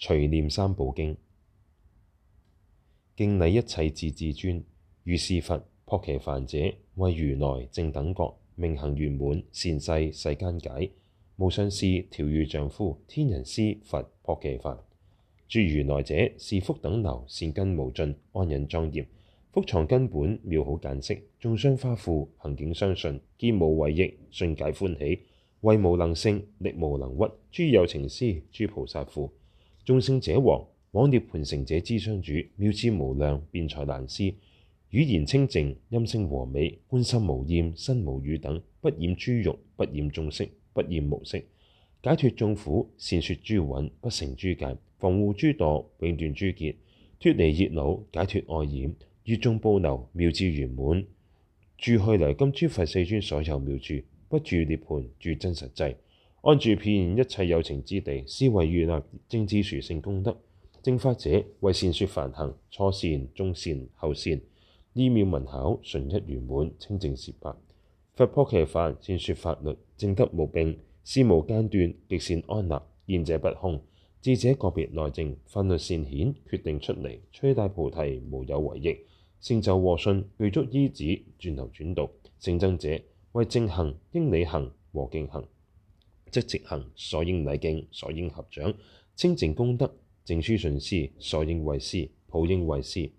隨念三寶經，敬禮一切智智尊。如是佛陀薄伽梵者，謂如來正等覺，明行圓滿，善逝世間解，無上士調御丈夫，天人師佛薄伽梵。諸如來者是福等流，善根無盡，安忍莊嚴，福藏根本，妙好間飾，眾相花敷，行境相順，見無違逆，信解歡喜，慧無能勝，力無能屈。諸有情師，諸菩薩父。眾聖者王，往涅槃城者之商主，妙智無量，辯才難思，語言清淨，音聲和美，觀身無厭，身無與等，不染諸欲，不染眾色，不染無色，解脫眾苦，善脫諸蘊，不成諸界，防護諸處，永斷諸結，脫離熱惱，解脫愛染，越眾瀑流，妙智圓滿，住去來今諸佛世尊所有妙智，不住涅槃，住真實際。安住遍一切有情之地，是為如來正智殊勝功德。正法者，謂善說梵行，初善、中善、後善，義妙、文巧，純一圓滿，清淨鮮白，佛、薄伽梵，善說法律，正得無病，時無間斷，極善安立，見者不空。智者各別內證，法律善顯，決定出離，趣大菩提，無有違逆，成就和順，具足依止，斷流轉道。聖僧者，謂正行、應理行、和敬行。質直行，所應禮敬，所應合掌，清淨功德，淨諸信施，所應惠施，普應惠施。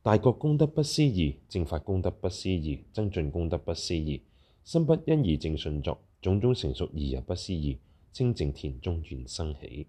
大覺功德不思議，正法功德不思議，僧眾功德不思議，心不恩義正信作，種種成熟而又不思議，清淨田中遠生起。